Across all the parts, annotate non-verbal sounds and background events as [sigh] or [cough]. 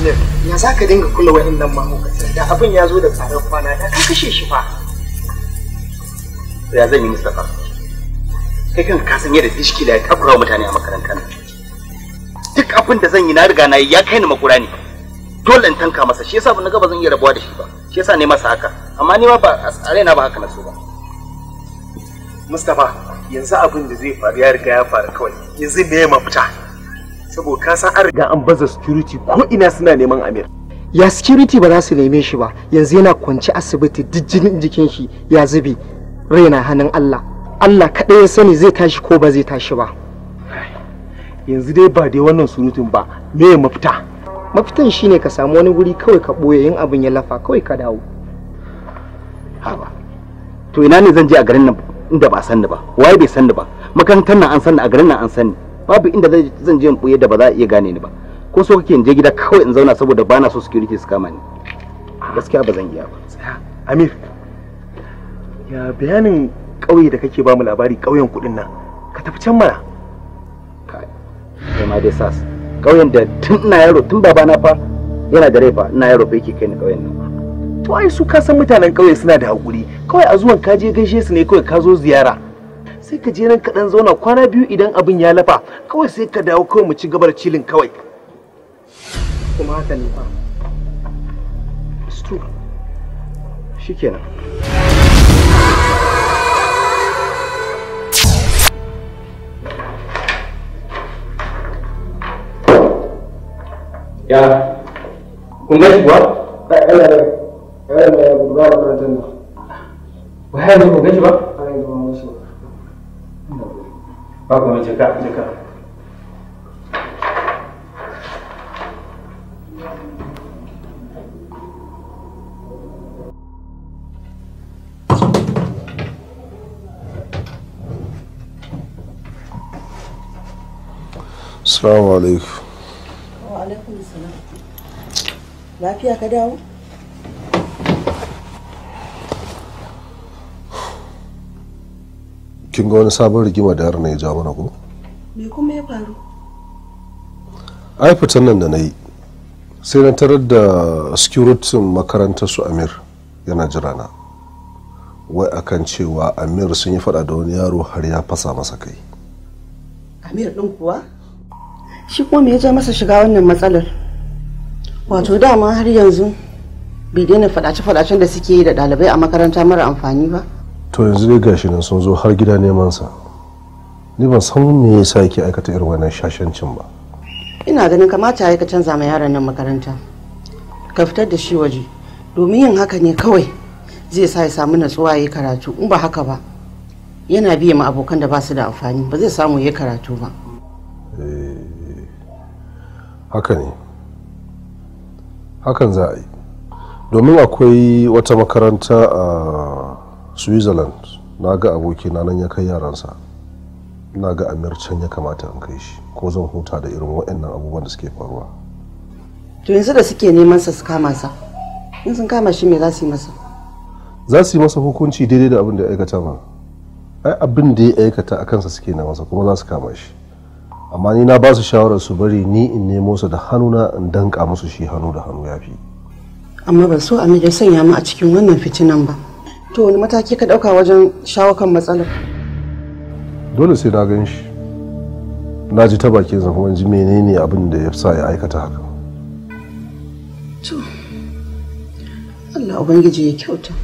amir ya za ka dinga kula wa'in nan mahaukatan da abin ya zo da tsadar kwana da ka kashe shi fa ya zan yi mustafa, kai kan ka san yadda da ya takura mutane a makarantar duk abin da zan yi na riga na yi ya kai ni makura ne dole in tanka masa shi yasa na ga ba zan iya rabuwa da shi ba shi yasa ne masa haka amma ni ma ba a raina ba haka na so ba mustapha yanzu abin da zai faru ya riga ya faru kawai yanzu ne ya mafita saboda ka san an riga an baza security ko ina suna neman Amir ya security ba za su neme shi ba yanzu yana kwanci asibiti duk jinin jikin shi ya zubi, raina hannun Allah Allah kaɗai ya sani zai tashi ko ba zai tashi ba yanzu dai ba dai wannan surutun ba me mafita mafitan shine ka samu wani guri kawai ka ɓoye yin abin ya lafa kawai ka dawo haba to ina ne zan je a garin nan inda ba san ni ba waye bai san ni ba makarantar nan an san ni a garin nan an san ni babu inda zan je in buye da ba za a iya gane ni ba ko so kake in je gida kawai in zauna saboda bana so security su kama ni gaskiya ba zan iya ba amir ya bayanin ƙauye da kake ba mu labari ƙauyen kuɗin nan ka tafi can mana kai ma dai sas ƙauyen da tun ina yaro tun babana fa yana da rai fa ina yaro fa yake kai ni ƙauyen nan to ai su ka san mutanen ƙauye suna da haƙuri kawai a zuwan ka je gaishe su ne kawai ka zo ziyara sai ka je nan kaɗan zauna kwana biyu idan abin ya lafa kawai sai ka dawo kawai mu ci gaba da cilin kawai kuma haka ne fa it's shikenan ya kun kuwa? ba ya yi ba ya yi ba ya yi ba ya ba jika jika alaikum. Lafiya ka dawo? Kin ga wani sabon rigima da har na ya ja mana ko? me kuma ya faru ai nan da na yi sai na tarar da securitin makarantar su amir yana jirana wai akan cewa amir sun yi fada da wani yaro har ya fasa masa kai amir din kuwa shi kuma me ya ja masa shiga wannan matsalar wato dama har yanzu bai daina fadace-fadacen da suke yi da ɗalibai a makaranta mara amfani ba to yanzu dai gashi nan sun zo har gida nemansa. sa ni ban san me yasa yake aikata irin wannan shashancin ba ina ganin kamata ya canza ma yaron nan makaranta ka fitar da shi waje domin yin haka ne kawai zai sa ya samu natsuwa ya karatu in ba haka ba yana biye ma abokan da ba su da amfani ba zai samu yayi karatu ba eh, haka ne hakan za a yi domin akwai wata makaranta a switzerland na ga abokina nan ya kai yaransa ina ga amir can ya kamata in kai shi ko zan huta da irin waɗannan abubuwan da suke faruwa to yanzu da suke neman sa su kama sa in sun kama shi me za su yi masa za su yi masa hukunci daidai da abin da ya aikata ma ai abin da ya aikata a kansa suke na masa kuma za su kama shi amma ni na ba su shawarar su bari ni in nemo su da hannuna in danka musu shi hannu da hannu ya fi amma ban so amir ya sanya mu a cikin wannan fitinan ba to wani mataki ka ɗauka wajen shawo kan matsalar dole sai na gan shi na ji ta bakin zan kuma ji menene abin da ya sa ya aikata haka to Allah ubangiji ya kyauta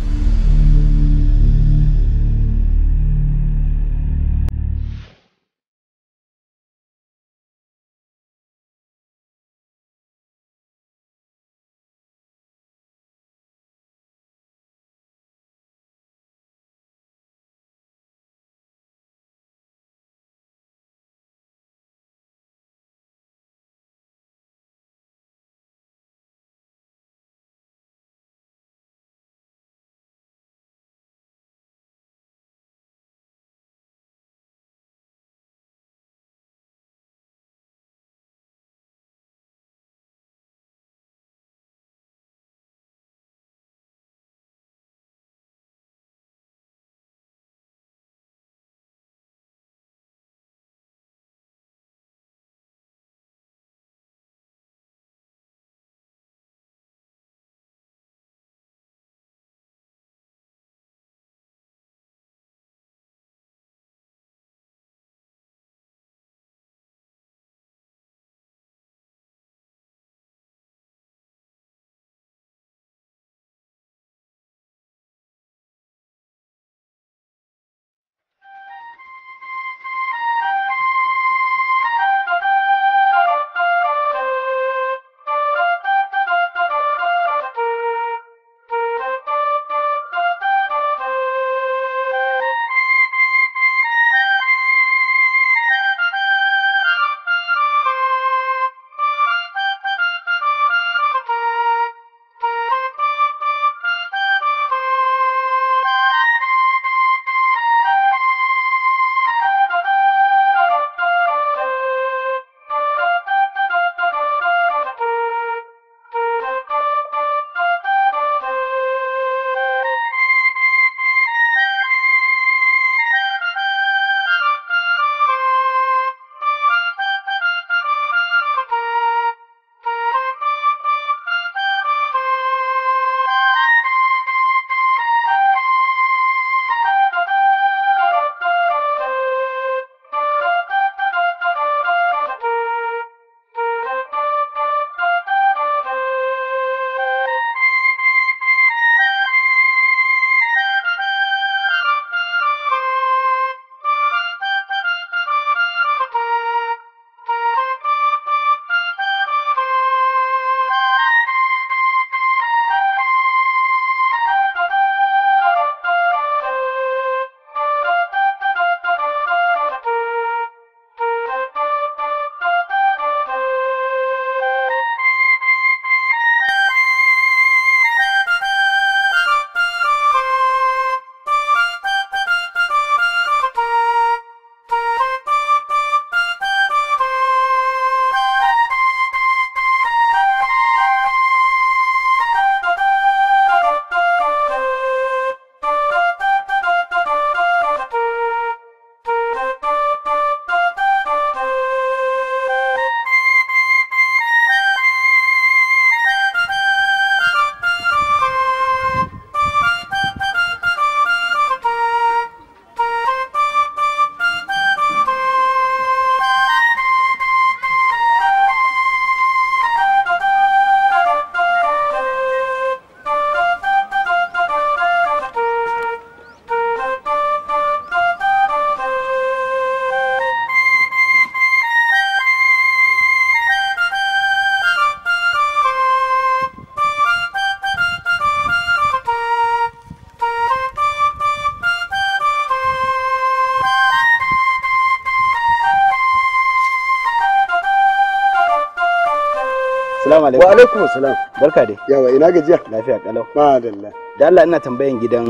assalamu alaikum wa alaikum assalam barka dai yawa ina gajiya lafiya kalau madalla da Allah ina tambayan gidan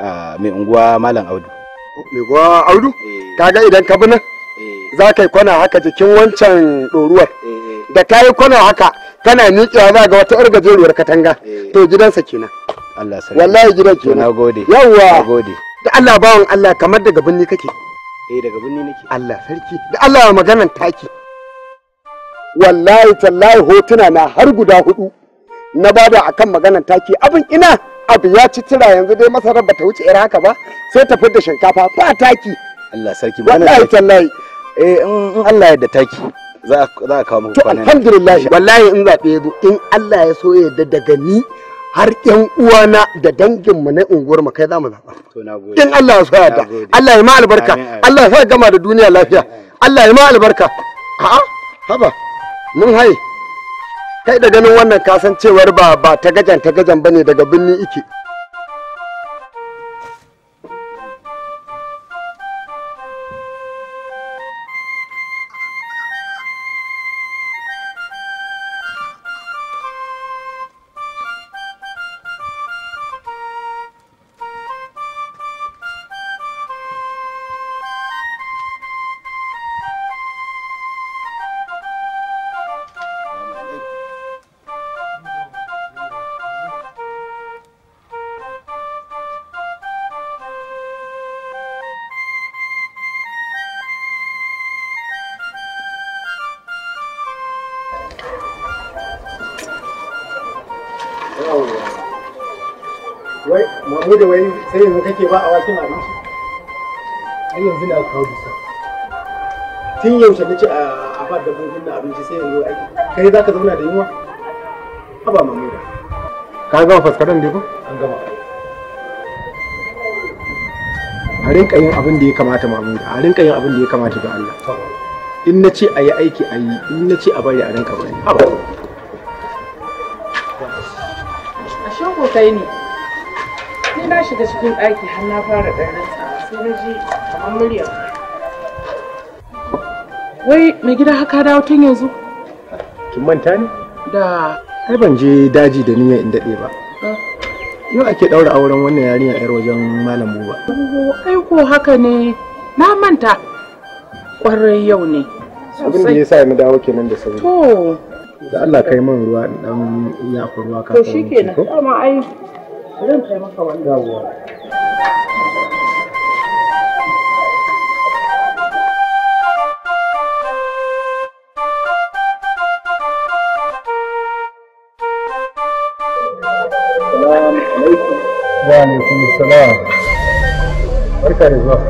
ah, mai unguwa malam audu oh, mai unguwa audu eh. kaga idan ka bi eh. za ka yi kwana haka jikin wancan ɗoruwar eh. da ka yi kwana haka kana miƙewa za ga wata ƴar gajeruwar katanga to gidansa kenan Allah sarki wallahi gidan kenan yawwa yawa gode. da Allah bawan Allah kamar daga binni kake eh daga binni nake Allah sarki da Allah maganan taki wallahi tallahi hotuna na har guda hudu na bada akan maganar taki abin ina abu ya ci tira yanzu dai masarar bata wuce irin haka ba sai ta da shinkafa ba taki Allah sarki wallahi tallahi eh in Allah ya da taki za a kawo muku kwanan alhamdulillah wallahi in zabe yazo in Allah ya so ya da daga ni har yan uwana da dangin mu na unguwar mu kai za mu zaba to nagode in Allah ya so ya da Allah ya ma albarka Allah ya sa gama da duniya lafiya Allah ya ma albarka a'a haba Mun hai, kai da ganin wannan kasancewar ba ba ta gajan ta gajan bane daga birni ike. wai mamu da wai sai yanzu kake ba awakin abinci har yanzu na kawo bisa. tun yaushe nace a ba dabbobin na abinci sai yanzu aiki kai za ka zauna da yunwa haba mamu da ka gama faskaran dai ba? an gama a rinka yin abin da ya kamata mamu a rinka yin abin da ya kamata ga Allah in na ce a yi aiki a yi in na ce a bari a rinka bari haba kai ni ni na shiga cikin ɗaki har na fara ɗarin sai na ji kamar murya wai mai gida haka dawo tun yanzu kin manta ne da ai ban je daji da niyyar in daɗe ba ah. yau ake ɗaura auren wannan yarinya yar wajen malam buba ai ko haka ne na manta ƙwarai yau ne abin da ya sa na dawo kenan da sauri da Allah kai man ruwa dan ya ku ruwa ka to shi ke shikenan dama ai zan kai maka wannan Wa alaikum salam. Barka da zuwa.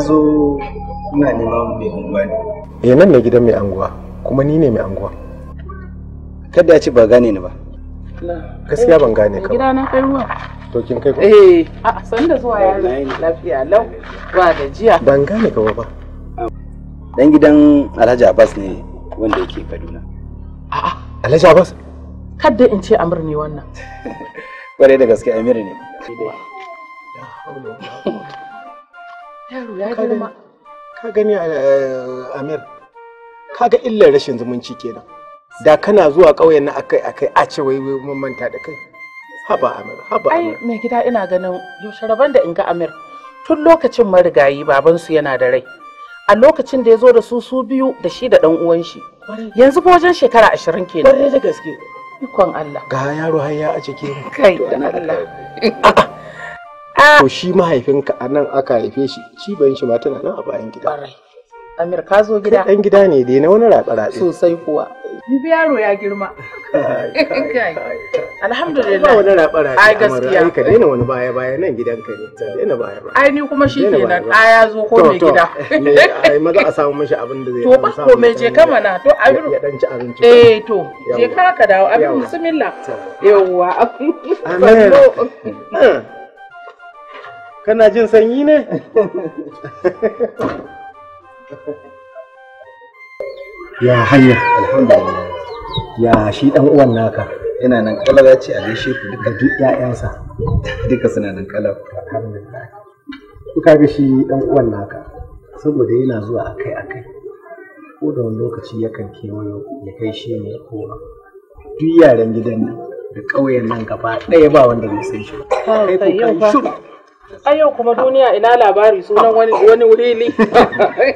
zo ina neman mai anguwa ne eh nan ne gidan mai anguwa kuma ni ne mai anguwa kada ya ce ba gane ni ba gaskiya ban gane ka Gidana kai ruwa to kin kai ko eh a san da zuwa ya ne lafiya lau ba da jiya ban gane ka ba dan gidan Alhaji Abbas ne wanda yake Kaduna a'a Alhaji Abbas kada in ce Amir ne wannan [laughs] Kware da gaske Amir ne Ka gani eh, Amir, ka illar rashin zumunci kenan. Da kana zuwa ƙauyen na akai akai a ce wai mun manta da kai. Haba Amir, haba Ai mai gida ina ganin yaushe rabon da in ga Amir. Tun lokacin marigayi babansu yana da rai. A lokacin da ya zo da su su biyu da shi da dan uwan shi. Yanzu fa wajen shekara ashirin kenan. Ƙwarai da gaske. Ikon Allah. Ga yaro har ya a ciki. Kai, Allah. [laughs] Ah. to shi mahaifinka a nan aka haife shi shi ban shi ma tana nan a bayan gida Amir ka zo gida dan gida ne dai na wani ratsa-ratsa sosai kuwa Jibi yaro ya girma [laughs] alhamdulillah wani ratsa-ratsa ai gaskiya ka daina wani baya baya nan gidanka ne daina baya baya ai ni kuma shi ne kenan ɗa ya zo ko mai gida ai maza a samu mashi abin da zai to ba ko mai je kama na to a ya dan ci abinci eh to je ka ka dawo abin bismillah yawwa amin kana jin sanyi ne ya hanya alhamdulillah ya shi dan uwan naka yana nan kalaba ce a gaishe ku duka duk ƴaƴansa duka suna nan kalaba alhamdulillah ku ga shi dan uwan naka saboda yana zuwa akai akai ko da wani lokaci yakan kewayo ya kai shi ne ko duk yaran gidan nan da ƙauyen nan gaba ɗaya ba wanda bai san shi. Kai ko kai a yau kuma duniya ina labari sunan wani wani wuri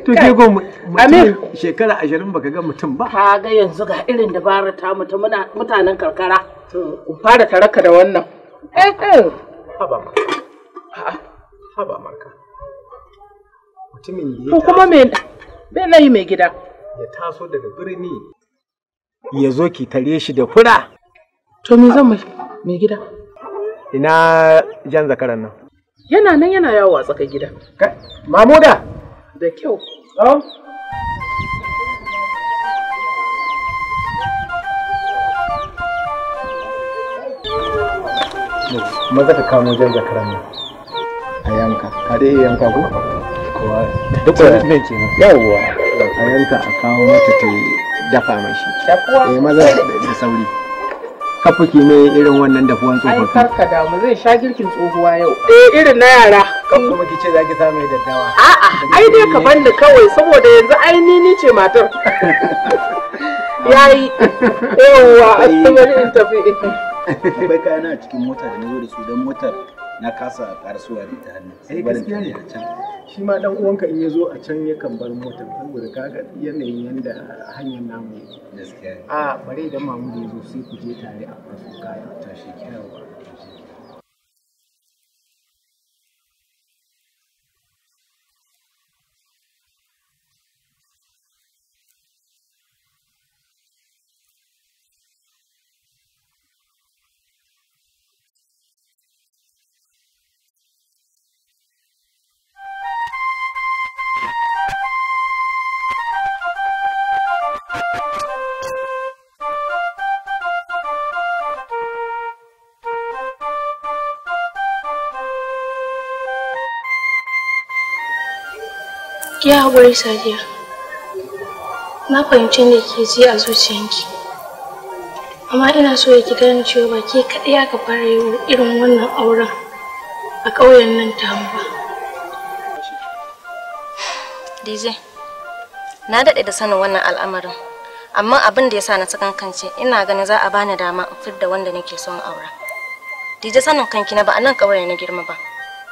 [laughs] to ke go amir shekara 20 baka ga mutum ba ka ga yanzu ga irin dabarar ta mu ta mutanen karkara ku fara taraka da wannan eh eh haba haba marka mutumin da kuma me bai nayi mai gida ya taso daga birni ya zo ki tare shi da fura to me zan mai gida ina jan zakaran nan Yana nan yana yawo a tsakar gida. Mamuda! Da kyau. Oh. Maza ka kamo jan zakaran nan. A yanka. Ka dai yanka ko? Kowa. Duk wani ne ke nan. Yawwa. A yanka a kawo mata ta dafa mashi. Dafuwa? Eh maza da sauri. kafuki ne irin wannan dafuwan tsofaffi. Ai da mu zai sha girkin tsohuwa yau. Eh irin na yara. Kan kuma ki ce za ki samu daddawa. A'a ai dai ka banni kawai saboda yanzu ai ni ni ce matar. [laughs] Yayi. Yawwa asibiri [laughs] in tafi. Akwai kayana cikin mota da na zo da su don motar na kasa karsuwa da ta hannu Eh gaskiya ne a can shi ma dan uwanka in yazo a can ya kan bar motar saboda kaga yanayin yanda hanyar namu ne. gaskiya Ah bare da mamu da sai ku je tare a kasuwa kaya shi kyawa ya haƙuri Sadiya. Na fahimci ne ke ji a zuciyanki. Amma ina so ya ki gane cewa ba ke kaɗai aka fara yi irin wannan auren a ƙauyen nan tamu ba. DJ, na daɗe da sanin wannan al'amarin. Amma abin da ya sa na sakankance ina ganin za a bani dama in fidda wanda nake son aura. DJ sanin kanki na ba a nan ƙauye na girma ba.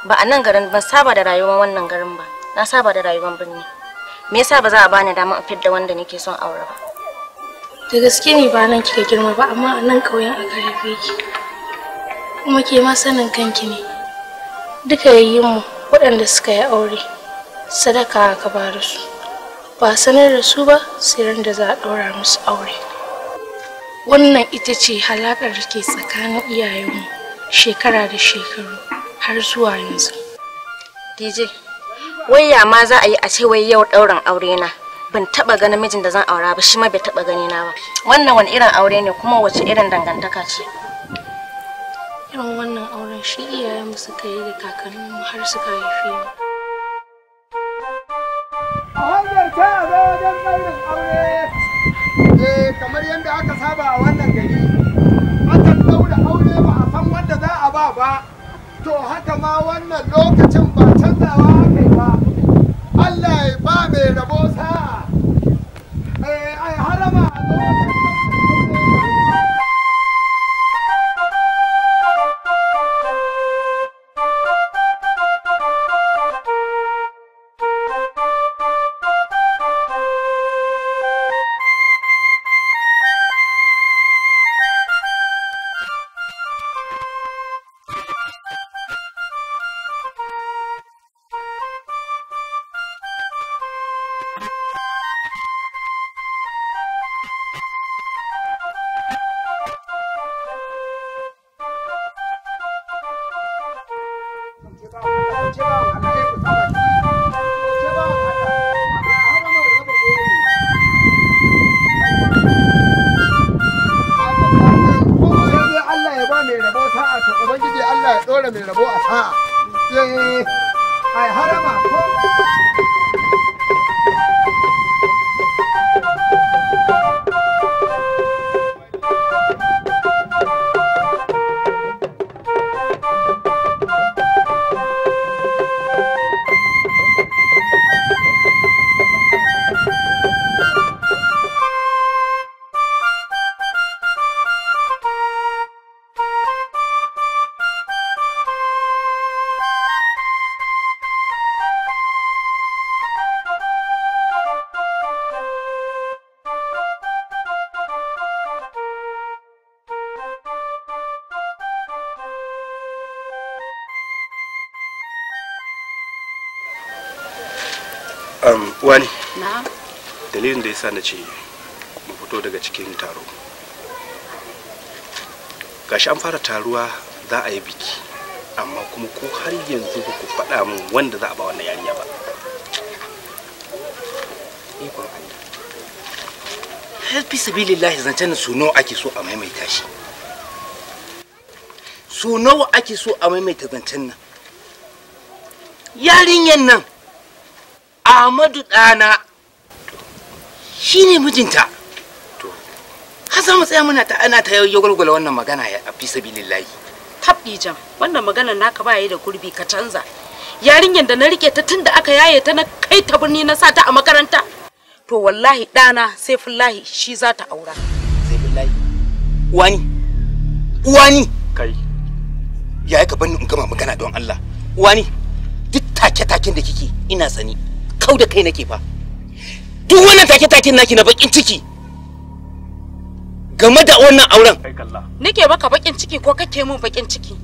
Ba a nan garin ban saba da rayuwar wannan garin ba. na saba da rayuwar birni me yasa ba za a bani dama a da wanda nake son aure ba da gaske ne ba nan kika girma ba amma a nan kauyen aka haife ki kuma ke ma sanin kanki ne duka yayin mu waɗanda suka yi aure sadaka ka ba da su ba sanar da su ba sai ran da za a ɗora musu aure wannan ita ce halakar da ke tsakanin iyayenmu shekara da shekaru har zuwa yanzu DJ wai ya ma za a yi a ce wai yau ɗaurin aure na ban taba ga namijin da zan aura ba shi ma bai taba gani na ba wannan wani irin aure ne kuma wace irin dangantaka ce irin wannan auren shi iyaye mu suka yi da kakanninmu har suka haife mu a hanyar ta a zo wajen ɗaurin aure eh kamar yadda aka saba a wannan gari akan ɗaura aure ba a san wanda za a ba ba to haka ma wannan lokacin ba canzawa ba Allah ya ba mai rabo sa eh, ai harama wani dalilin da sa na ce mu fito daga cikin taro gashi an fara taruwa za a yi biki amma kuma ko har yanzu ba ku faɗa min wanda za a ba wannan yarinya ba ikon Allah sabilillahi ake so a maimaita zancen nan yarinyan nan Amadu ɗana shi ne mijinta. Har za mu tsaya muna ta ana ta yau wannan magana ya fi sabilillahi. Tabɗi jam, wannan magana naka ba yi da gurbi ka canza. Yarinyar da na rike ta tun da aka yaye ta na kai ta birni na sata a makaranta. To wallahi ɗana sai fillahi shi za ta aura. Sai fillahi. Wani. Wani. Kai. Ya ka bani in gama magana don Allah. Wani. Duk take-taken da kike ina sani. kau da kai nake fa duk wannan take take naki na bakin ciki game da wannan auren nake maka bakin ciki ko kake mun bakin ciki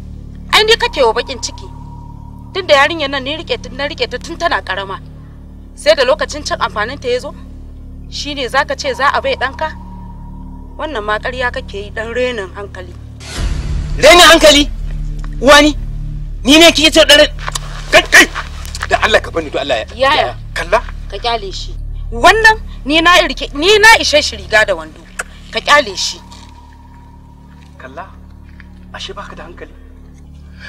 ai ni kake wa bakin ciki tun da yarinyar nan ne rike tun na rike ta tun tana karama sai da lokacin cin amfanin ta yazo shine zaka ce za a bai danka wannan ma ƙarya kake yi dan renin hankali renin hankali wani ni ne kike ce dan kai da Allah ka bani to Allah ya yaya kalla ka kyale shi wannan ni na rike ni na ishe shi riga da wando ka kyale shi kalla ashe baka da hankali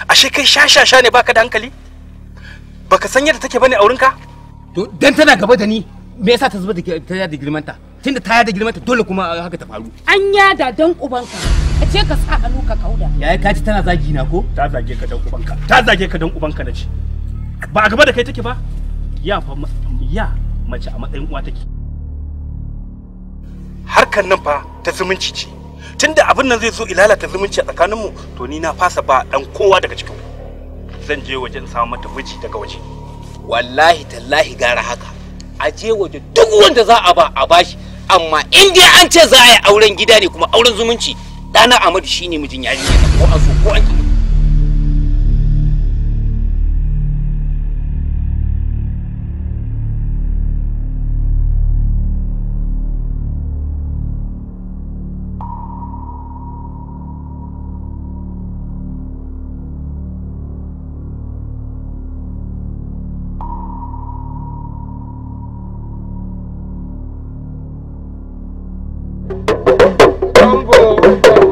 ashe kai sha ne baka da hankali baka san yadda take bane aurinka to dan tana gaba da ni me yasa ta zuba da ta yada girmanta tunda ta yada girmanta dole kuma haka ta faru an yada dan ubanka ka ce ka sa hannu ka kauda yaya kaji tana zagi na ko ta zage ka dan ubanka ta zage ka dan ubanka na ce ba a gaba da kai take ba ya fa ya mace a matsayin uwa take harkan nan fa ta zumunci ce tunda abin nan zai zo so ilalata zumunci a mu to ni na fasa ba dan kowa daga cikin zan je wajen in samu mata miji daga waje wallahi tallahi gara haka a je waje duk wanda za a ba a bashi amma in dai an ce za a yi auren gida ne kuma auren zumunci dana amadu shine mijin yarinya ko a so ko an vamos.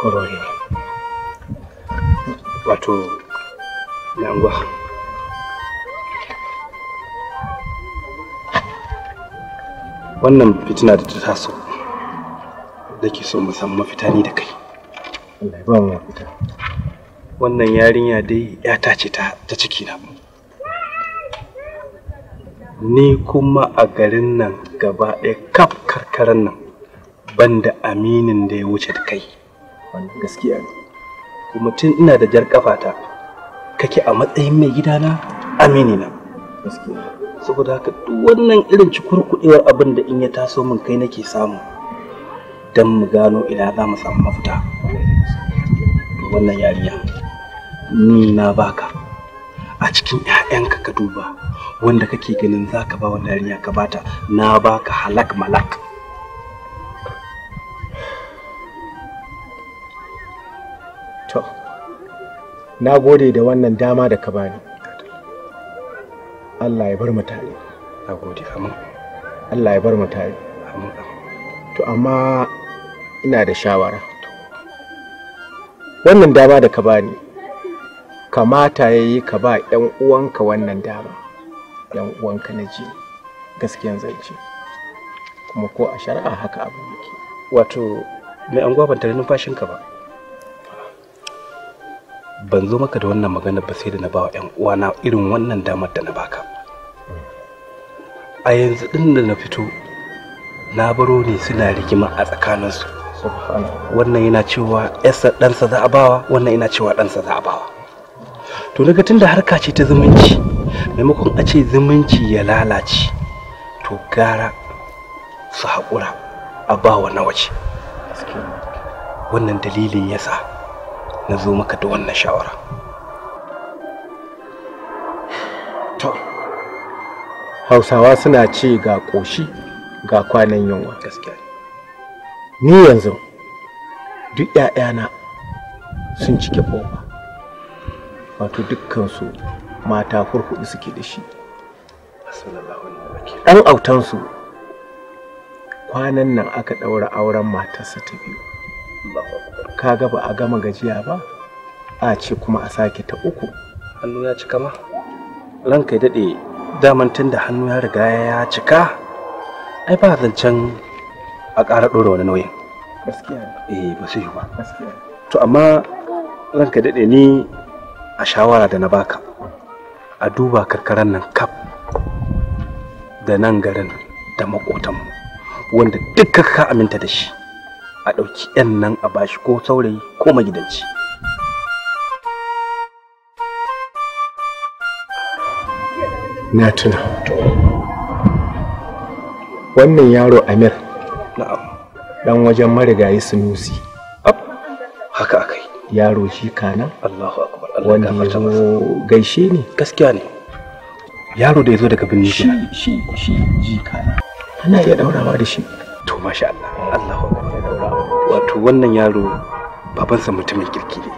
korori wato yangwa wannan fitina da ta taso da ke so mu mafita ni da kai wannan yarinya dai yata ce ta ta ciki na ni kuma a garin nan gaba ɗaya kaf karkaran nan banda aminin da ya wuce da kai wannan gaskiya ne kuma tun ina da jar kafata kake a matsayin mai gidana amini na gaskiya saboda haka duk wannan irin cikurkuɗewar abin da in ya taso min kai nake samu don mu gano ina za mu samu mafita wannan yariya ni na baka a cikin 'ya'yanka ka duba wanda kake ganin za ka ba wa yariya ka bata na baka halak malak na gode da wannan dama da ka bani Allah ya bar mu tare na gode amin Allah ya bar mu tare amin to amma ina da shawara wannan dama da ka bani kamata yayi ka ba yan uwanka wannan dama yan uwanka na ji gaskiyan zance kuma ko a shari'a haka abu yake wato mai an gwabanta da numfashinka ba ban zo maka da wannan magana ba sai da na bawa yan uwana irin wannan damar da na baka a yanzu din da na fito na baro ne suna rigima a tsakaninsu wannan yana cewa yasa ɗansa za a bawa wannan yana cewa ɗansa za a bawa to daga tunda harka ce ta zumunci maimakon a ce zumunci ya lalace to gara su haƙura a bawa na waje wannan dalilin yasa na zo maka da wannan shawara to hausawa suna ce ga ƙoshi ga kwanan yunwa gaskiya ni yanzu duk 'ya'yana sun cike boba wato dukkansu mata hurhudu suke da shi ɗan autansu kwanan nan aka ɗaura auren matarsa ta biyu Ka ga ba a gama gajiya ba a ce kuma a sake ta uku hannu ya cika ma ranka ya daɗe daman tun da hannu ya riga ya cika ai ba zancen a ƙara ɗora wani nauyin gaskiya eh ba su yi ba to amma ranka daɗe ni a shawara da na baka a duba karkaran nan kaf da nan garin da makotanmu wanda dukkan ka aminta da shi a ɗauki 'yan nan a bashi ko saurayi ko magidanci na tuna wannan yaro amir dan wajen marigayi sunusi haka akai yaro shi kana? Allahu akbar Allah ya zo gaishe ne gaskiya ne yaro da ya zo daga birni shi shi shi ji kana ana iya daurawa da shi to masha Allah wato wannan yaro babansa mutumin kirki ne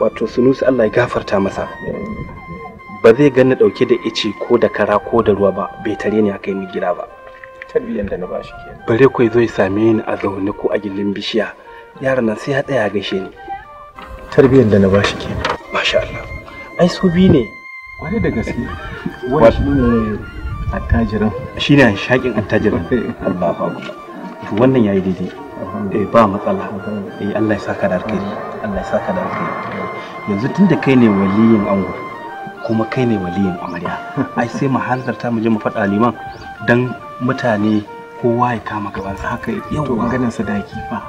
wato sunusi Allah ya gafarta masa ba zai gani dauke da ice ko da kara ko da ruwa ba bai tare ni aka yi gida ba tabbiyan da na shi kenan bare ko zo ya same ni a zaune ko a gindin bishiya yaron nan sai ya tsaya gaishe ni tarbiyyar da na ba shi kenan masha Allah ai su bi ne wani da gaske wani shi ne attajiran shine shakin attajiran [laughs] Allah ba wannan yayi daidai eh ba matsala eh Allah ya saka da alkhairi Allah ya saka da alkhairi yanzu tunda kai ne waliyin ango kuma kai ne waliyin amarya ai sai mu hanzarta mu je mu faɗa liman dan mutane kowa ya kama sa haka yau sa daki ba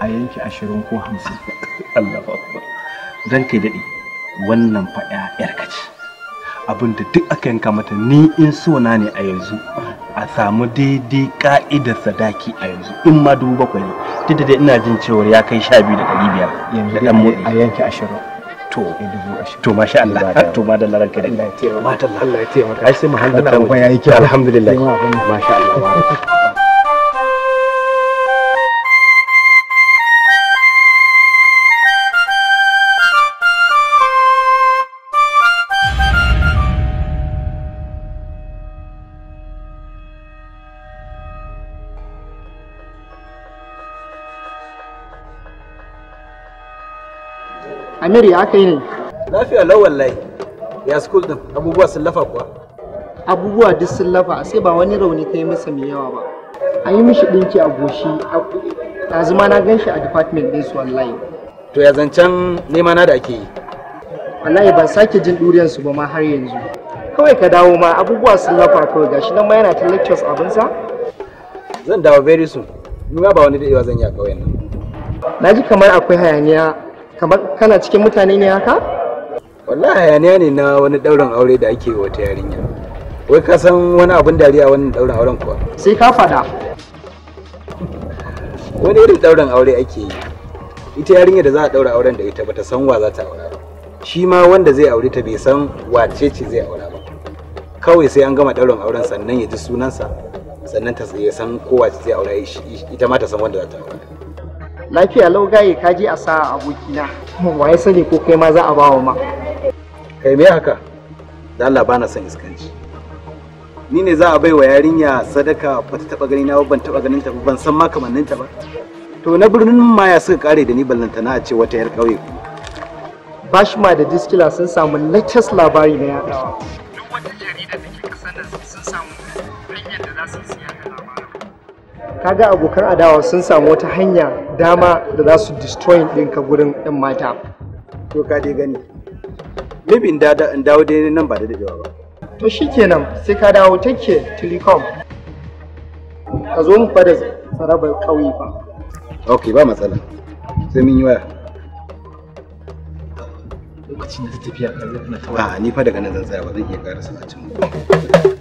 a yanki 20 ko 50 Allah dan kai dadi wannan faɗa yarka ce abinda duk aka yanka mata ni in so na ne a yanzu a samu daidai ka'idar sadaki a yanzu in ma dubu bakwai ne duk da ina jin cewa ya kai sha biyu da ɗari biyar yanzu a yanki ashirin to eh, to masha Allah to ma da laran kai da Allah ya taimaka Allah ya taimaka ai sai mu ya yi kyau alhamdulillah masha Allah [laughs] Amir ya aka yi ne? Lafiya lau wallahi. Ya school din abubuwa sun lafa kuwa. Abubuwa duk sun lafa sai ba wani rauni ta yi masa mai yawa ba. An yi mishi ɗinki a goshi a zuma na gan shi a department ɗin su wallahi. To ya zancen nema na da ake yi. Wallahi ban sake jin ɗuriyar su ba ma har yanzu. Kawai ka dawo ma abubuwa sun lafa kawai gashi nan ma yana ta lectures abinsa. Zan dawo very soon. Ni ma ba wani daɗewa zan yi a ƙauyen nan. Na ji kamar akwai hayaniya kamar kana cikin mutane ne haka wallahi hayaniya ne na wani ɗaurin aure da ake wata yarinya wai ka san wani abin dariya wani ɗaurin auren kuwa sai ka faɗa [laughs] wani irin ɗaurin aure ake yi ita yarinya da za a ɗaura auren da ita bata san wa za ta aura ba shi ma wanda zai aure ta bai san wace ce zai aura ba kawai sai an gama ɗaurin auren sannan ya ji sunansa sannan ta ya san kowa zai aura ita ma ta san wanda za ta aura lafiya laugaye ka je a sa abokina waye sani ko kai ma za a bawa ma kai me haka da Allah bana son iskanci ni ne za a bai wa yarinya sadaka ba ta taba gani na ban taba ganin ta ban san ma kamannin ta ba to na birnin ma ya suka kare da ni ballanta na a ce wata yar kauye Bashma da Diskila sun samu latest labari na yadawa duk wata jarida da ke kasar sun samu hanyar da za su siya kaga abokan adawa sun samu wata hanya dama da za su destroy ɗinka gurin 'yan mata to ka dai gani maybe in dawo dai nan ba da dadewa ba to shikenan sai ka dawo take telecom ka zo mu fada sarabar ƙauye ba ok ba matsala sai mun yi waya lokacin da tafiya ka zai na tawa ni fa daga nan zan tsaya ba zan iya ƙarasa a cin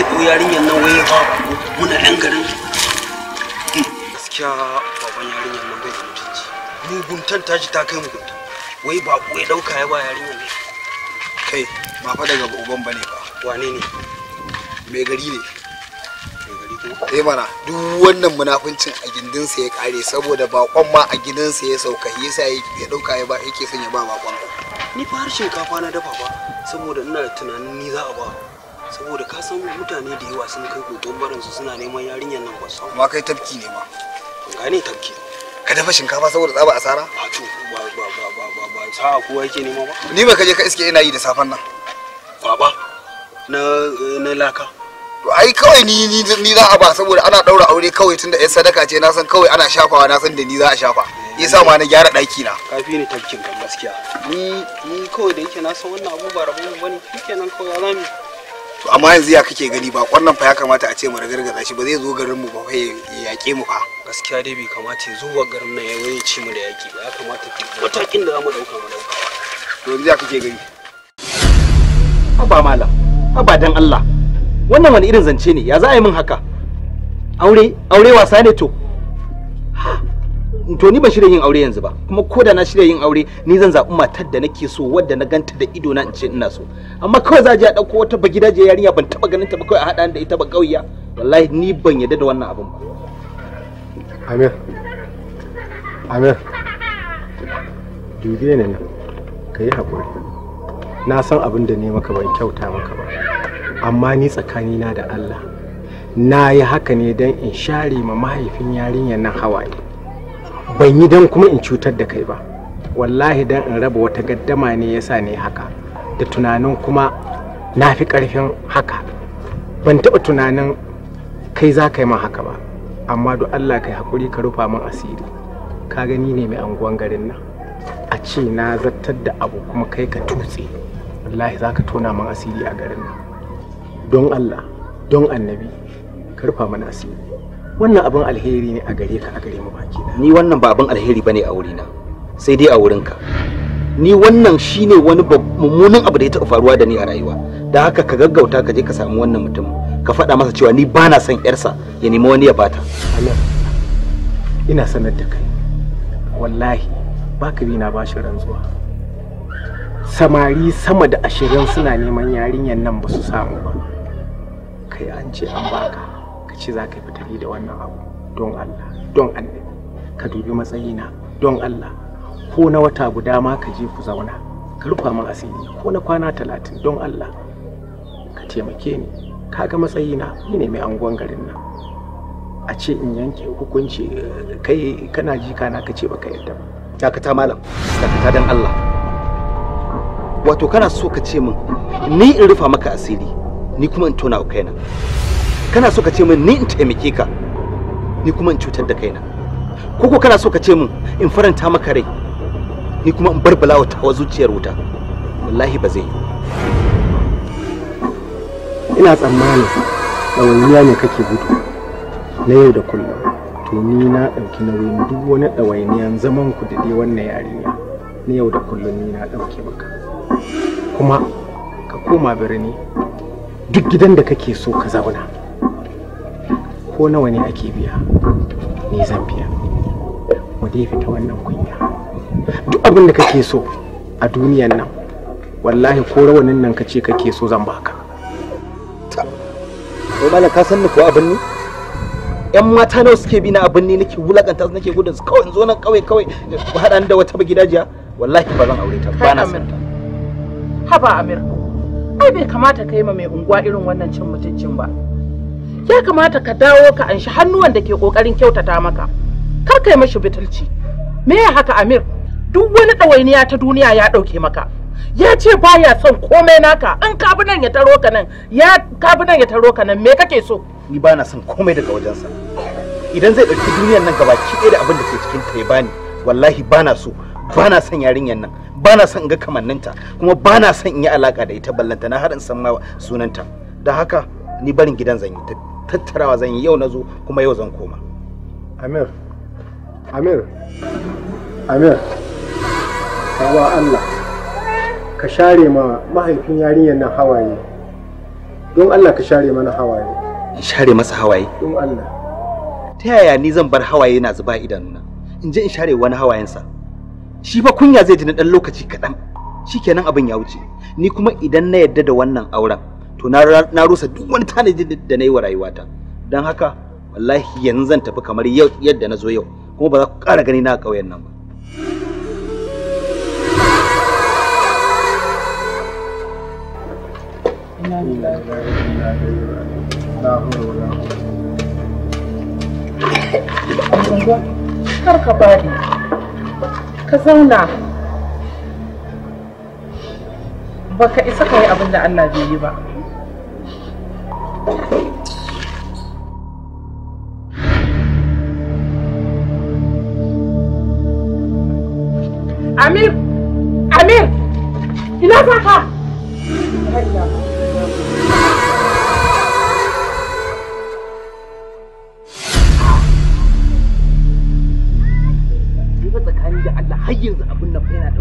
zai ɗau yarinyar nan waye ba muna ɗan garin hmm, gaskiya baban yarinyar nan bai da mutunci muguntan tashi ta kai mugunta wai ba ya ɗauka ya ba yarinyar ne. kai ba fa daga uban bane ba wane ne mai gari ne eh mana duk wannan munafincin a gindinsa ya kare saboda bakon ma a gidansa ya sauka yasa ya ɗauka ya ba yake son ya ba bakon ni fa harshen kafa na dafa ba saboda ina tunanin ni za a ba saboda ka san mutane da yawa sun kai koton barin su suna neman yarinyar nan ba su amma kai tafki ne ma ne tafki ka dafa shinkafa saboda tsaba asara a to ba ba ba ba ba ba sa'a kowa yake nema ba ni ba ka je ka iske ina yi da safan nan Baba na na laka to ai kawai ni ni ni za a ba saboda ana daura aure kawai tunda ai sadaka ce na san kawai ana shafawa na san da ni za a shafa yasa ma na gyara daki na kafi ni tafkin kan gaskiya ni ni kawai da yake na san wannan abu ba rabon bane shikenan kawai za mu to amma yanzu ya kake gani ba wannan fa ya kamata a ce mu ragargaza shi ba zai zo garin mu ba kai ya yaƙe mu fa gaskiya dai bai kamata ya zo wa garin nan ya wani ci mu da yaƙi ba ya kamata ki matakin da zamu dauka mu dauka to yanzu ya kake gani abba malam abba dan Allah wannan wani irin zance ne ya za a yi min haka aure aure wasa ne to to ni ban shirya yin aure yanzu ba kuma ko da na shirya yin aure ni zan zabi matar da nake so wadda na ganta da ido na in ce ina so amma kawai za a je a ɗauko wata bagidaje yarinya ban taɓa ganin ta ba kawai a haɗa da ita ba kauya wallahi ni ban yadda da wannan abin ba Amir Amir dubi ne ka yi hakuri na san abin da ne maka ban kyauta maka ba amma ni tsakani na da Allah na yi haka ne don in share ma mahaifin yarinya nan hawaye ban yi dan kuma in cutar da kai ba wallahi dan in raba wata gaddama ne yasa ne haka da tunanin kuma na fi karfin haka ban taɓa tunanin kai za ka yi min haka ba amma duk allah kai haƙuri ka rufa min asiri ka gani ne mai anguwan garin nan a ce na zartar da abu kuma kai ka tutse wallahi za ka tona min asiri a garin nan don allah don annabi ka rufa min asiri wannan abin alheri ne a gare ka a gare mu baki ni wannan ba abin alheri bane a wurina sai dai a ka. ni wannan shine wani mummunan abu da ya taɓa faruwa da ni a rayuwa da haka ka gaggauta ka je ka samu wannan mutum ka faɗa masa cewa ni bana son yarsa ya nemi wani ya bata Amin. ina sanar da kai wallahi baka bi na bashi rantsuwa samari sama da ashirin suna neman yarinyar nan ba su samu ba kai an ce an baka ce za ka yi fitari da wannan abu don Allah don Allah ka dubi matsayina don Allah ko na wata guda ma ka je ku zauna ka rufa min asiri ko na kwana talatin don Allah ka taimake ni ka ga matsayina ni ne mai anguwan garin nan a ce in yanke hukunci kai kana ji kana ka ce baka yarda ba dakata malam dakata dan Allah wato kana so ka ce min ni in rufa maka asiri ni kuma in tona kaina kana so ka ce min ni in taimake ka ni kuma in cutar da kaina ko ko kana so ka ce min in faranta maka rai ni kuma in barbala wa tawa zuciyar wuta wallahi ba zai yi ina tsammanin ɗawainiya ne kake gudu na yau da kullum to ni na ɗauki nauyin duk wani ɗawainiyan zaman ku da dai wannan yarinya na yau da kullum ni na ɗauke maka kuma ka koma birni duk gidan da kake so ka zauna ko nawa ne ake biya ni zan biya mu dai fita wannan kunya duk abin da kake so a duniyan nan wallahi ko rawanin nan kace kake so zan baka to malam ka san ni ko abin ne yan mata nawa suke bi na abin ne nake wulakanta su nake gudun su kawai in zo nan kawai kawai ku haɗa ni da wata bagidajiya wallahi ba zan aure ta ba na san ta haba amir ai bai kamata kai ma mai unguwa irin wannan cin mutuncin ba ya kamata ka dawo ka anshi hannuwan da ke kokarin kyautata maka kar kai mashi bitulci me ya haka amir duk wani ɗawainiya ta duniya ya ɗauke maka ya ce baya son komai naka an kabi ya taro ka nan ya ya taro ka nan me kake so ni ba na son komai daga wajensa idan zai ɗauki duniyan nan gabaki ɗaya da abin da ke cikin ta ya bani wallahi ba na so ba na son yarinyan nan ba na son in ga kamanninta kuma ba na son in yi alaka da ita ballanta na har in san ma sunanta da haka ni barin gidan zan yi tattarawa zan yi yau na zo kuma yau zan koma amir amir amir kawa allah ka share ma mahaifin yarinyar nan hawaye don allah ka share mana hawaye in share masa hawaye don allah ta yaya ni zan bar hawaye na zuba idanuna in je in share wani hawayensa shi fa kunya zai ji na dan lokaci kaɗan shikenan abin ya wuce ni kuma idan na yadda da wannan auren to na rusa duk wani tanadi da na yi wa rayuwata don haka wallahi yanzu zan tafi kamar yadda na zo yau kuma ba za ku ƙara gani na a ƙauyen nan ba kar ka ka zauna baka isa ka yi abin da Allah bai yi ba Amir! Ina ka? tsakani da Allah har yanzu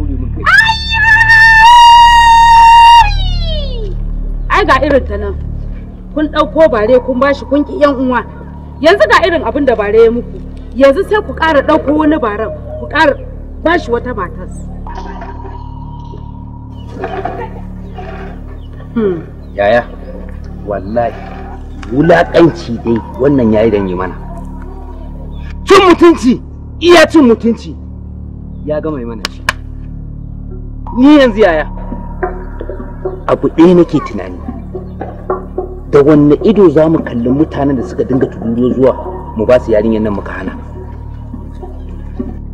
yana Ai ga irin ta kun ɗauko bare kun bashi kun ki yan uwa yanzu ga irin abin da bare ya muku yanzu sai ku ƙara ɗauko wani baran ku ƙara bashi wata matas hmm. yaya wallahi wulaƙanci dai wannan yayi da mana cin mutunci iya cin mutunci ya gama mana shi ni yanzu yaya abu ɗaya nake tunani da wanne ido za mu kalli mutanen da suka dinga tururo zuwa mu ba su yarinyar nan muka hana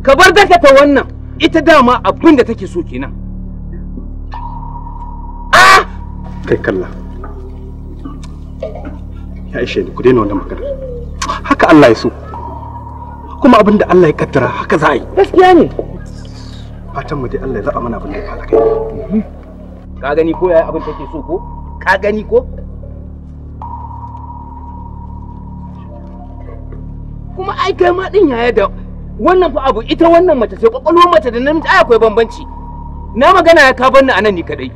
ka bar dakata wannan ita dama abin da take so kenan ah kai kalla ya ishe ni ku daina wannan magana haka Allah ya so kuma abin da Allah ya kaddara haka za a yi gaskiya ne fatan mu dai Allah ya a mana abin da ya fara kai mhm. ka gani ko yayi abin take so ko ka gani ko kuma ai kai ma din yaya da wannan fa abu ita wannan mace sai kwakwalwar mace da namiji ai akwai bambanci na magana ya ka banni anan ni kadai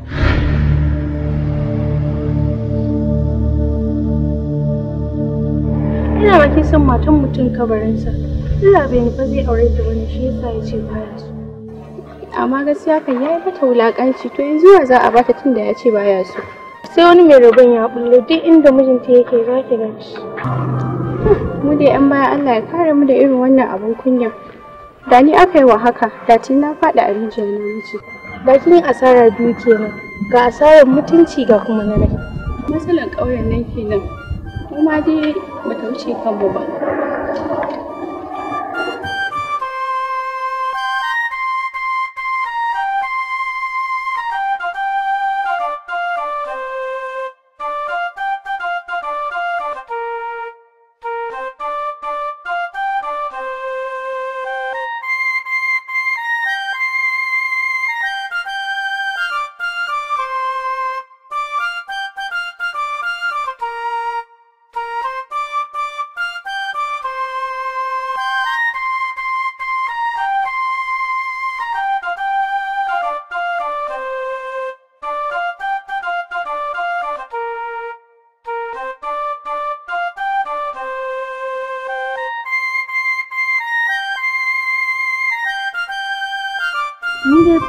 ina ba kin san matan mutum kabarinsa Allah bai nufa zai aure ta wani shi yasa ya ce ya so amma gaskiya kan yayi mata wulakanci to yanzu zuwa za a bata tunda ya ce ya so sai wani mai rabon ya bullo duk inda mijinta yake za ki gan shi mu dai yan baya Allah ya kare mu da irin wannan abun kunya da ni aka yi wa haka da na faɗi a rijiyar na wuce. da asarar biyu kenan ga asarar mutunci ga kuma na rai matsalar ƙauyen nan kenan kuma dai bata wuce kanmu ba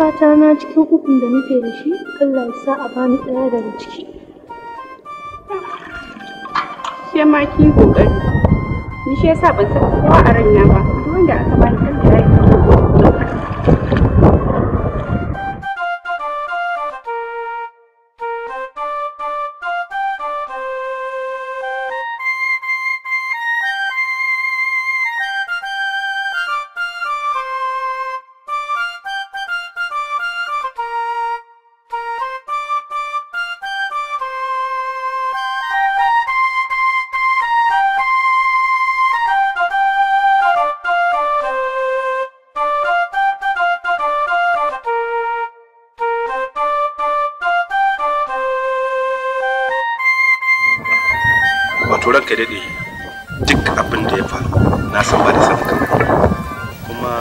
fata na cikin ukun da nake da shi Allah ya sa a bani ɗaya daga ciki she ma ki kokari ni she yasa ban san kowa a ranya ba wanda aka bani kan da ka daɗe duk abin da ya faru na san ba da sanka kuma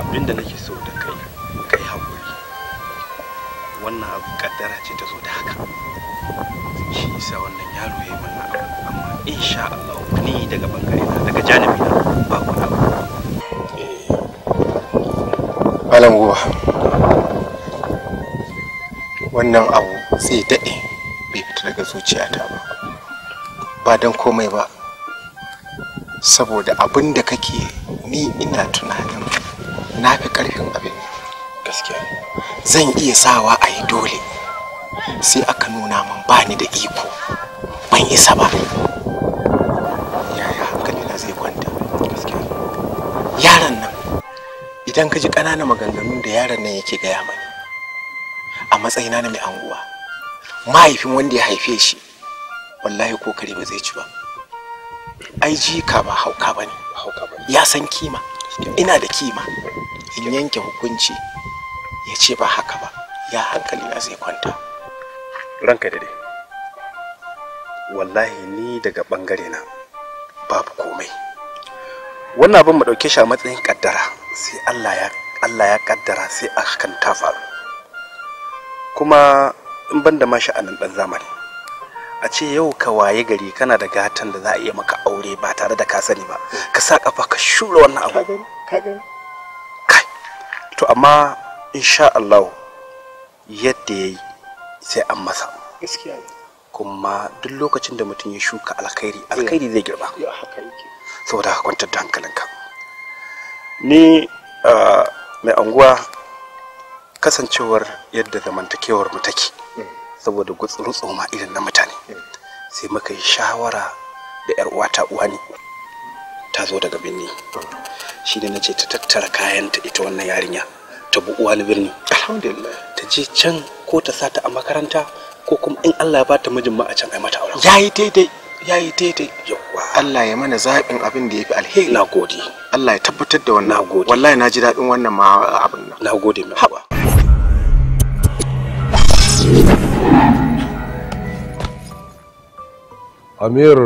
abin da nake so da kai kai haƙuri wannan abu kaddara ce ta zo da haka shi isa wannan yaro ya yi wannan abu amma insha Allah ni daga bangare na daga janibi na ba ku na eh, Malam Guba wannan abu sai daɗe bai fita daga zuciyata ba ba don komai ba saboda abin da kake ni ina tunanin na fi karfin abin gaskiya zan iya sawa a yi dole sai aka nuna min ba ni da iko ban isa ba yaya hankalina zai kwanta gaskiya yaron nan idan ka ji ƙananan maganganun da yaron nan yake gaya mani a matsayina na mai anguwa mahaifin wanda ya haife shi wallahi ko ba zai ci ba ai jika ba hauka ba ne ya san kima ina da kima in yanke hukunci ya ce ba haka ba ya hankali na zai kwanta ranka da dai wallahi ni daga bangare na babu komai wannan abin mu ɗauke shi a matsayin kaddara sai allah ya allah ya kaddara sai a hakan ta faru kuma in banda da a nan ɗan zamani a ce yau ka waye gari kana da gatan da za a iya maka aure ba tare da ka sani ba ka sa kafa ka shura wannan abu kai to amma insha Allah yadda yayi sai an masa kuma duk lokacin da mutum ya shuka alkhairi alkhairi zai girba saboda ka kwantar da hankalinka ni ah, mai anguwa kasancewar yadda zamantakewar mu take saboda gutsuru tsoma irin na mutane sai muka yi shawara da yar uwata uwani ta zo daga birni shi ne nace ta tattara kayanta ita wannan yarinya ta bu uwani birni alhamdulillah ta je can ko ta sata a makaranta ko kuma in Allah ya ba ta mijin ma a can ai mata aure yayi daidai yayi daidai yawa Allah ya mana zaɓin abin da yafi alheri na gode Allah ya tabbatar da wannan gode wallahi na ji daɗin wannan ma abin nan na gode mai amir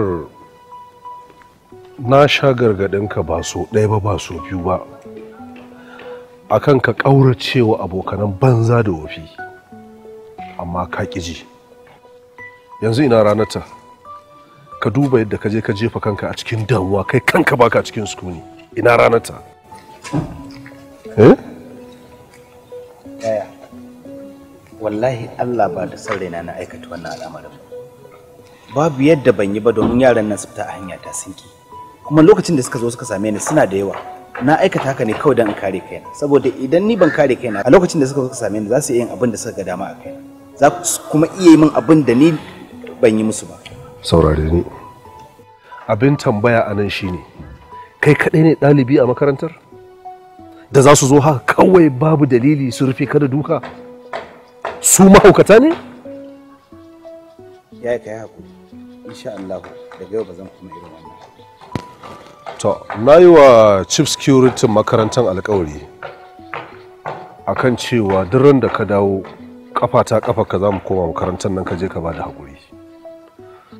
na sha ka ba so ɗaya ba ba so biyu ba akan ka ƙauracewa abokanan banza da wofi amma ka ji yanzu ina ranarta ka duba yadda ka je ka jefa kanka a cikin damuwa kai kanka baka cikin sukuni ina ranarta eh wallahi allah ba da san raina na aikata wannan al'amarin babu yadda ban yi ba domin yaran nan su fita a hanya ta sinki kuma lokacin da suka zo suka same ni suna da yawa na aikata haka ne kawai don in kare kaina saboda idan ni ban kare kaina a lokacin da suka zo suka same ni za su iya abin da suka ga dama a kaina za su kuma iya yi min abin da ni ban yi musu ba saurare ni abin tambaya a nan shine kai kadai ne ɗalibi a makarantar da za su zo haka kawai babu dalili su rufe ka duka su mahaukata ne ya ka yi haƙuri insha Allah daga yau ba zan kuma irin wannan to na yi wa chief security makarantar alkawari akan cewa duran da ka dawo kafa ta kafa ka za mu koma makarantar nan ka je ka da hakuri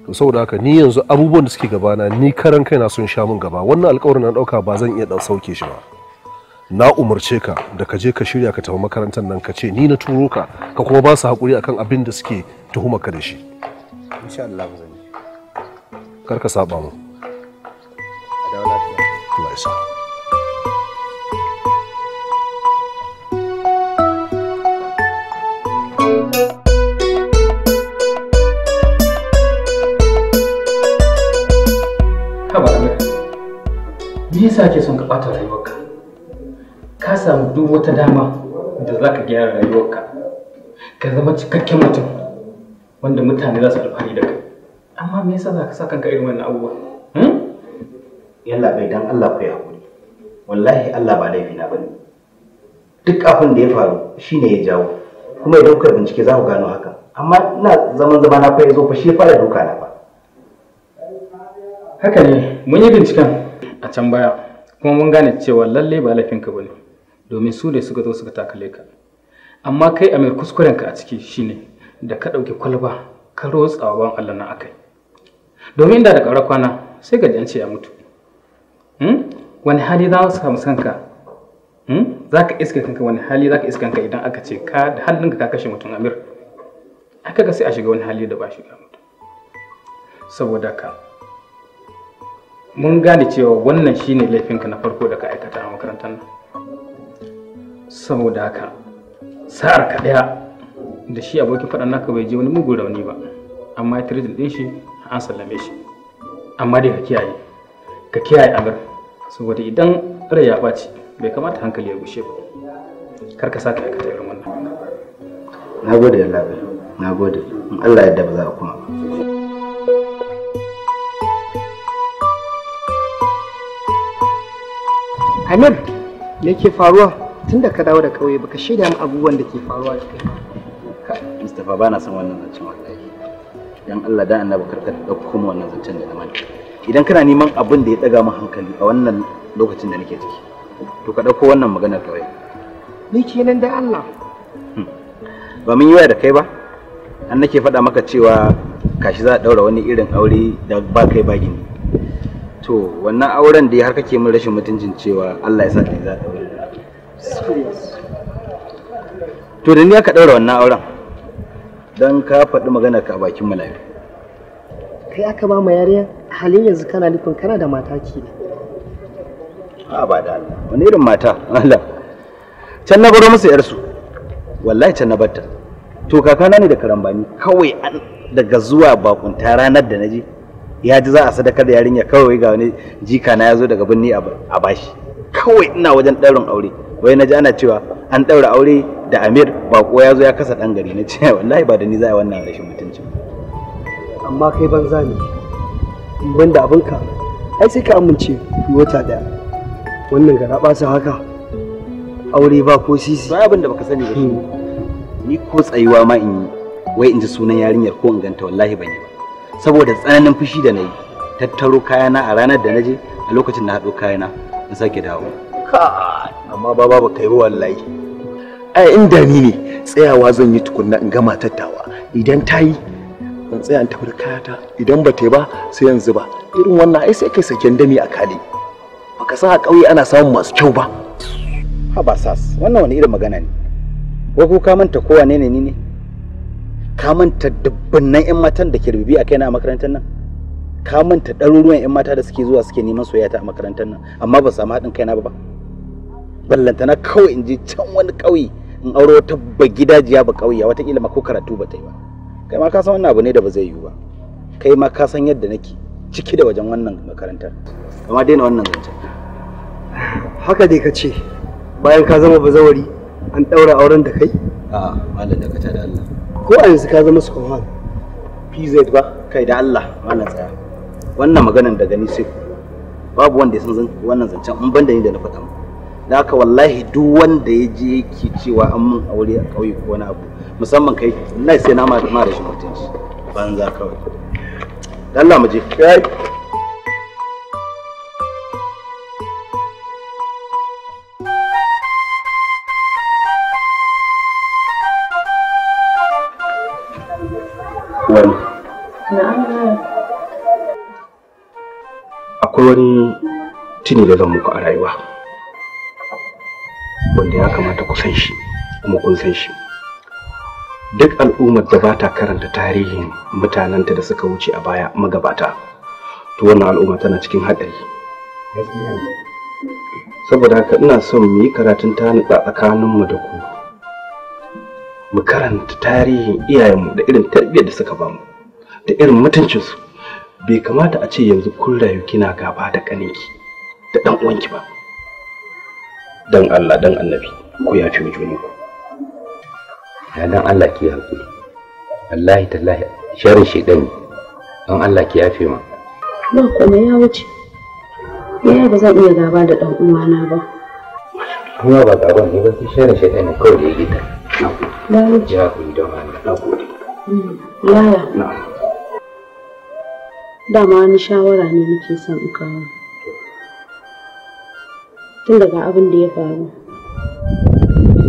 to saboda haka ni yanzu abubuwan da suke gabana ni karan kai na sun sha min gaba wannan alkawarin na ɗauka ba zan iya sauke shi ba na umarce ka da ka je ka shirya ka tafi makarantar nan ka ce ni na turo ka ka kuma ba su hakuri akan abin da suke tuhumar ka da shi insha Allah zan yi kar ka saba mu a dawo lafiya Allah sa yasa son ka ɓata rayuwarka ka samu duk wata dama da za ka gyara rayuwarka ka zama cikakken mutum wanda mutane za su alfahari da kai amma me yasa za ka sa kanka irin wannan abubuwa hmm? yalla bai dan Allah ku ya hakuri wallahi Allah ba laifi na bane duk abin da ya faru shine ya jawo kuma idan kuka bincike za ku gano haka amma ina zaman zama na fa zo fa shi fara doka na ba haka ne mun yi binciken a can baya kuma mun gane cewa lalle ba laifinka bane domin su ne suka zo suka takale ka amma kai a mai kuskurenka a ciki shine da ka ɗauki kwalba ka rotsa wa bawan Allah na akai domin da da ƙara kwana sai ga jance ya mutu hmm? wani hali za su samu kanka hmm? za ka iska kanka wani hali za ka iska kanka idan aka ce ka da halin ka kashe mutum amir aka ga sai a shiga wani hali da ba shiga mutum saboda ka mun gane cewa wannan shine laifinka na farko da ka aikata a makarantar nan saboda ka sa'ar ka ɗaya da shi abokin faɗan naka bai je wani mugun rauni ba amma ya tirin ɗin shi an sallame shi amma dai ka kiyaye ka kiyaye amir saboda idan rai ya ɓaci bai kamata hankali ya gushe ba kar ka sake aikata irin wannan na gode ya labe na gode in allah yadda ba za a kuma Amir, me ke faruwa tun da ka dawo da kauye baka shaida mu abubuwan da ke faruwa da kai Mustapha ba na son wannan zancen wallahi. Dan Allah da annabi karka dauko mu wannan zancen da zaman. Idan kana neman abin da ya daga mu hankali a wannan lokacin da nake ciki. To ka dauko wannan magana kawai. Ni kenan da Allah. Hmm. Ba mun yi waya da kai ba? An nake faɗa maka cewa kashi za a ɗaura wani irin aure da ba kai ba gini. To wannan auren da ya har kake min rashin mutuncin cewa Allah ya sa ka za a ɗaura. To da ni aka ɗaura wannan auren. don ka faɗi magana ka a bakin malayu kai aka ba ma yare halin yanzu kana nufin kana da mata ke a ba da Allah wani irin mata Allah can na baro musu yarsu wallahi can na batta to kakana ne da karambani kawai daga zuwa bakunta ranar da na je ya ji za a sadakar da yarinya kawai ga wani jika na ya zo daga birni a bashi kawai ina wajen ɗaurin aure wai na ji ana cewa an ɗaura aure da amir bako ya zo ya kasa dan gari na ce wallahi ba da ni za a wannan rashin mutuncin amma kai banza ne ban da abinka ai sai ka amince wata da wannan gara ɓasa haka aure ba ko sisi ba abin da baka sani ba hmm. ni ko tsayuwa ma in yi wai in ji sunan yarinyar ko in ganta wallahi ban yi ba saboda tsananin fushi da na yi tattaro kayana a ranar da na je a lokacin na haɗo kayana in sake dawo amma ba ba kai wallahi inda ni ne tsayawa zan yi tukunna in gama tattawa idan ta yi ban tsaya in tafi da kayata idan ba ta yi ba sai yanzu ba irin wannan ai sai kai saken dami a kali baka san a ƙauye ana samun masu kyau ba ha ba sas wannan wani irin magana ne ko ko ka manta ko wane ne ni ne ka manta dubbannan yan matan da ke rubi a kaina a makarantar nan ka manta ɗaruruwan yan mata da suke zuwa suke neman soyayya ta a makarantar nan amma ba samu haɗin kaina ba ba ballantana kawai in je can wani ƙauye in aure wata ba gidajiya ba ƙauya watakila ma ko karatu ba ta yi ba kai ma ka san wannan abu ne da ba zai yiwu ba kai ma ka san yadda nake ciki da wajen wannan makarantar kama daina wannan zancen haka dai ka ce bayan ka zama bazawari an ɗaura auren da kai a'a malam da kata da Allah ko a yanzu ka zama su kuma PZ ba kai da Allah malam tsaya wannan maganan da gani sai babu wanda ya san wannan zancen in banda ni da na faɗa da haka wallahi duk wanda ya je yake cewa an mun aure a ƙauye ko wani abu musamman kai na sai na ma da shi mutunci banza kawai Allah mu je wani akwai wani tuni da zan muku a rayuwa ya kamata ku san shi kuma kun san shi duk al'ummar da ba ta karanta tarihin mutanenta da suka wuce a baya magabata to wannan al'umma tana cikin haɗari saboda haka ina son mu yi karatun tanitsa tsakaninmu da ku mu karanta tarihin iyayenmu da irin tarbiyyar da suka bamu da irin mutuncinsu bai kamata a ce yanzu kun rayu kina gaba da ƙaninki da ɗan uwanki ba dan Allah dan annabi ku yafe mu juna ku ya dan Allah ki hakuri wallahi tallahi sharin shi ne dan Allah ki yafe ma ba ne ya wuce Ya ba zan iya gaba da dan na ba kuma ba gaba ne ba sai sharin shi ne kawai da ya gita na wuce ya hakuri don Allah na gode hmm, yaya na dama wani shawara ne nake son in kawo tun daga abin da ya faru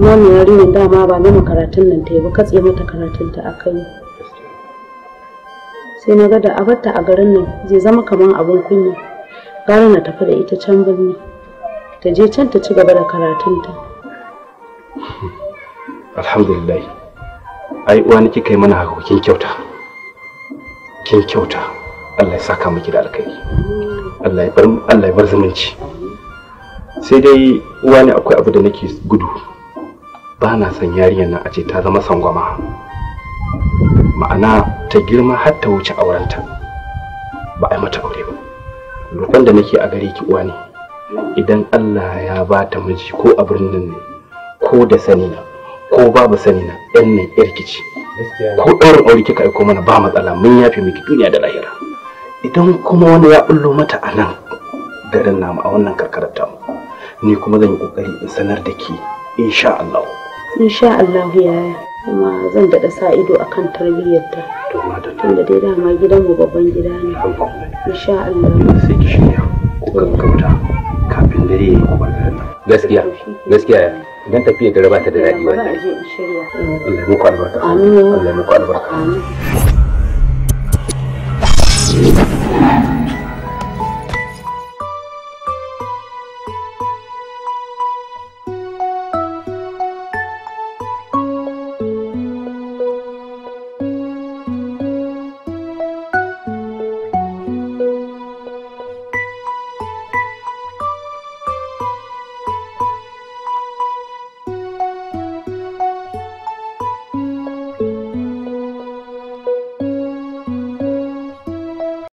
wannan yarinyar dama ba na karatun nan ta yi ba katse mata karatun ta aka yi sai na ga da abarta a garin nan zai zama kamar abin kunya gara na tafi da ita can birni ta je can ta ci gaba da karatun ta. [laughs] alhamdulillah ai uwani kika yi mana haka kin kyauta kin kyauta Allah ya saka miki da alkai Allah ya bar Allah ya bar zumunci sai dai uwa ne akwai abu da nake gudu ba na son yarinyar nan a ce ta zama sangwama ma'ana ta girma har ta wuce aurenta ba a mata aure ba roƙon da nake a gare ki uwa ne idan Allah ya ba ta miji ko a birnin ne ko da sani na ko babu sani na yan nan yarki ce ko ɗaurin aure kika aiko mana ba matsala mun yafe miki duniya da lahira idan kuma wani ya bullo mata a nan garin namu a wannan karkarar tamu ni kuma zan yi kokari in sanar da ke insha Allah insha Allah ya. kuma zan daɗa sa ido a akan tarbiyyarta tunda dai dama gidanmu babban gida ne insha Allah sai ki shirya ko gaggauta kafin dare ya yi kuma gaskiya gaskiya ya idan tafiya da raba ta da daɗi wannan Allah ya muku albarka Allah ya muku albarka Amin.